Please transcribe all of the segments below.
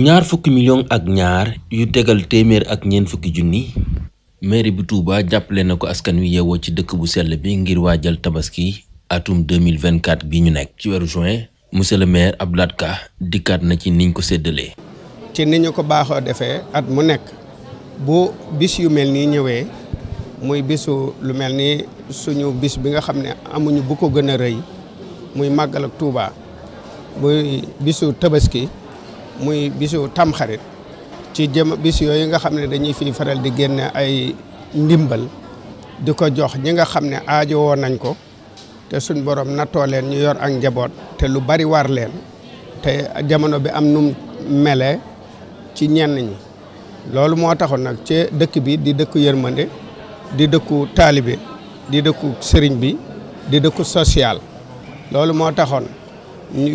ñaar fukki million ak ñaar yu tegal téeméer ak ñeent fukki junni mairie bu Touba jàppale na ko askan wi yeewoo ci dëkk bu sell bi ngir waa waajal tabaski atum 2024 bi ñu nekk. ci weeru juin monsieur le maire ab laatka dikkaat na ci niñ ko séddalee. ci ni ñu ko baaxoo defee at mu nekk bu bis yu mel nii ñëwee muy bisu lu mel ni suñu bis bi nga xam ne amuñu bu ko gën a rëy muy màggal ak Touba muy bisu tabaski. muy bisu tamxarit ci jëm bis yooyu nga xam ne dañuy fiy faral di génne ay ndimbal di ko jox ñi nga xam ne aajo woon nañ ko te suñ borom nattoo leen ñu yor ak njaboot te lu bari war leen te jamono bi am num mele ci ñenn ñi loolu moo taxoon nag ci dëkk bi di dëkku yërmande di dëkku taalibe di dëkku sëriñ bi di dëkku social loolu moo taxoon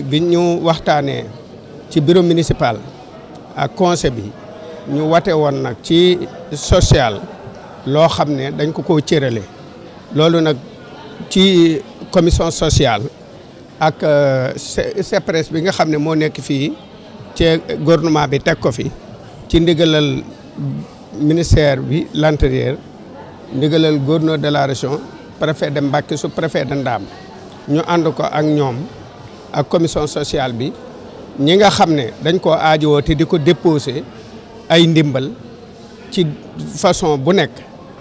bi ñu waxtaanee ci bureau municipal ak conseil bi ñu wate woon nag ci social loo xam ne dañ ko koo cërale loolu nag ci commission social ak CEPRES euh, bi nga xam ne moo nekk fii ce gouvernement bi teg ko fi ci ndigalal ministère bi l'intérieur ndigalal gouverneur de la région préfet de Mbacké su préfet de Ndam ñu ànd ko ak ñoom ak commission social bi ñi nga xam ne dañ koo aajowoo te di ko déposé ay ndimbal ci façon bu nekk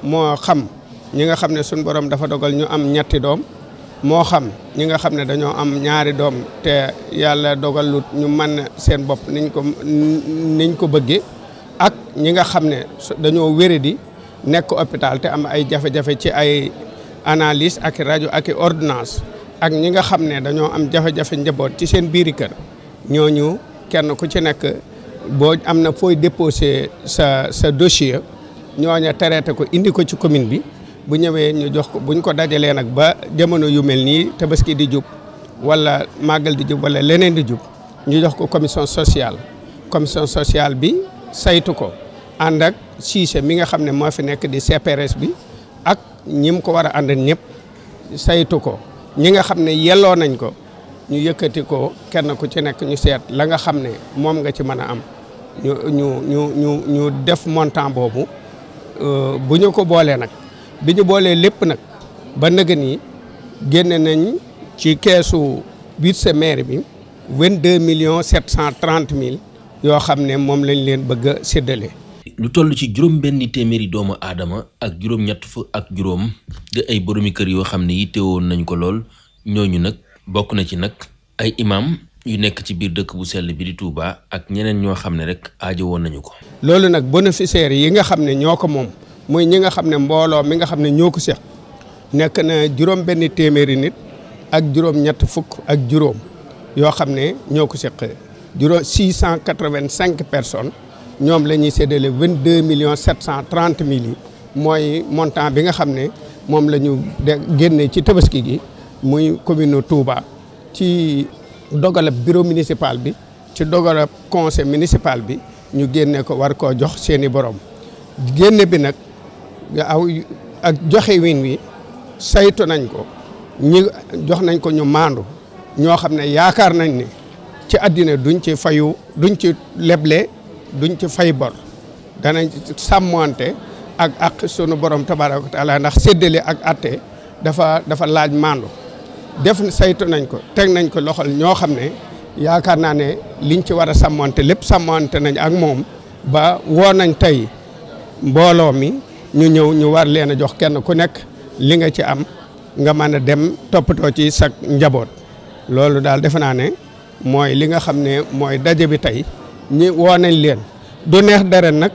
moo xam ñi nga xam ne suñ borom dafa dogal ñu am ñetti doom moo xam ñi nga xam ne dañoo am ñaari doom te yàlla dogal dogalut ñu mën seen bopp niñ ko niñ ko bëggee ak ñi nga xam ne dañoo wére di nekk hôpital te am ay jafe-jafe ci ay analyse ak rajo ak ordinance ak ñi nga xam ne dañoo am jafe-jafe njaboot ci seen biiri ñooñu kenn ku ci nekk boo am na fooy déposé sa sa dossier ñooña traité ko indi ko ci commune bi bu ñëwee ñu jox ko buñ ko dajalee nag ba jamono yu mel nii tabaski di jub wala màggal di jub wala leneen di jub ñu jox ko commission sociale commission sociale bi saytu ko ànd ak siise mi nga xam ne moo fi nekk di CPRS bi ak ñi mu ko war a ànd ñëpp saytu ko ñi nga xam ne yelloo nañ ko ñu yëkkati ko kenn ku ci nekk ñu seet la nga xam ne moom nga ci mën a am ñu ñu ñu ñu ñu def montant boobu euh, bu ñu ko boolee nag bi ñu boolee lépp nag ba nëgën yi génne nañ ci keesu budget maire bi vingt-deux millions sept cent mille yoo xam ne moom lañ leen bëgg a séddale. lu toll ci juróom benn téeméeri doomu aadama ak juróom ñett fu ak juróom de ay boroomi kër yoo xam ne yittewoon nañ ko lool ñooñu nag. bokk na ci nag ay imaam yu nekk ci biir dëkk bu sell bi di Touba ak ñeneen ñoo xam ne rek aajo woon nañu ko. loolu nag bénéficiaires yi nga xam ne ñoo ko moom muy ñi nga xam ne mbooloo mi nga xam ne ñoo ko seq nekk na juróom téeméeri nit ak juróom fukk ak juróom yoo xam ne ñoo ko seq juróom 685 personnes ñoom la ñuy séddale 22 millions 730 mille yi mooy montant bi nga xam ne moom la ñu génnee ci tabaski gi. muy commune Touba ci dogalab bureau municipal bi ci dogalab conseil municipal bi ñu génne ko war koo jox seeni borom génne bi nag aw ak joxe win wi saytu nañ ko ñi jox nañ ko ñu maandu ñoo xam ne yaakaar nañ ni ci àddina duñ ci fayu duñ ci leble duñ ci fay bor danañ sàmmante ak ak sunu borom tabaaraka wa ndax séddale ak atte dafa dafa laaj maandu def saytu nañ ko teg nañ ko loxol ñoo xam ne yaakaar naa ne li liñ ci war a sàmmante lépp sàmmante nañ ak moom ba woo nañ tey mbooloo mi ñu ñëw ñu war leen a jox kenn ku nekk li nga ci am nga mën a dem toppatoo ci sa njaboot loolu daal defe naa ne mooy li nga xam ne mooy daje bi tey ñi woo nañ leen du neex dara nag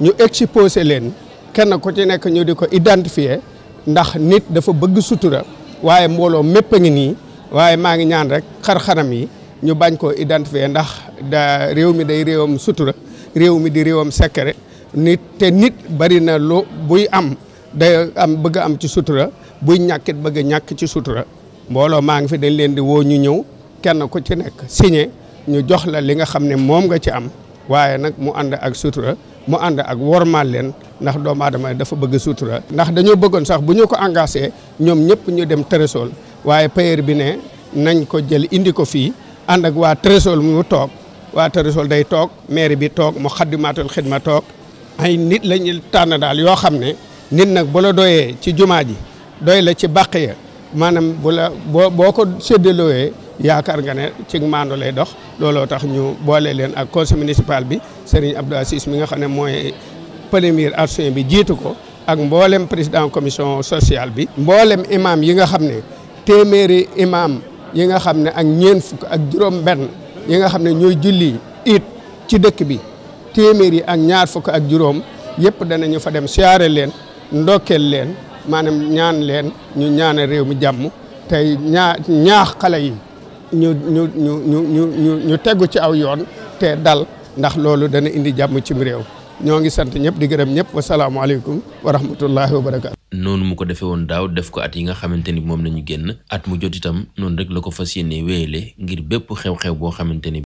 ñu exposé leen kenn ku ci nekk ñu di ko identifier ndax nit dafa bëgg sutura waaye mbooloo mépp a ngi nii waaye maa ngi ñaan rek xar-xaram yi ñu bañ koo identifier ndax da réew mi day réewam sutura réew mi di réewam secret nit te nit bari na lu buy am day am bëgg am ci sutura buy ñàkkit bëgg ñàkk ci sutura mbooloo maa ngi fi dañ leen di woo ñu ñëw kenn ku ci nekk signé ñu jox la li nga xam ne moom nga ci am waaye nag mu ànd ak sutura mu ànd ak wormaal leen ndax doomu aadama dafa bëgg sutura. ndax dañoo bëggoon sax bu ñu ko engagé ñoom ñëpp ñu dem Tresol waaye payeur bi ne nañ ko jël indi ko fii ànd ak waa Tresol mu toog waa Tresol day toog maire bi toog mu xaddimaatul xidma toog ay nit lañu tànn daal yoo xam ne nit nag bu doyee ci jumaa ji doy la ci bàq ya maanaam bu la boo ko séddalooyee yaakaar nga ne ci maandu lay dox. looloo tax ñu boole leen ak conseil municipal bi Serigne Abdou Assis mi nga xam ne mooy premier adjoint bi jiitu ko ak mboolem président commission sociale bi. mboolem imam yi nga xam ne téeméeri imam yi nga xam ne ak ñeent fukk ak juróom-benn yi nga xam ne ñooy julli it ci dëkk bi téeméer yi ak ñaar fukk ak juróom yëpp danañu fa dem siyaare leen ndokkeel leen maanaam ñaan leen ñu ñaana réew mi jàmm tey ñaa ñaax xale yi. ñu ñu ñu ñu ñu ñu tegu ci aw yoon te dal ndax loolu dana indi jàmm ci cim réew ñoo ngi sant ñëpp di gërëm ñëpp wasalaamualeykum wa rahmatullahi wa noonu mu ko defee woon daaw def ko at yi nga xamante ni moom la ñu génn at mu jot itam noonu rek la ko fas yéenee wéyale ngir bépp xew-xew boo xamante ni.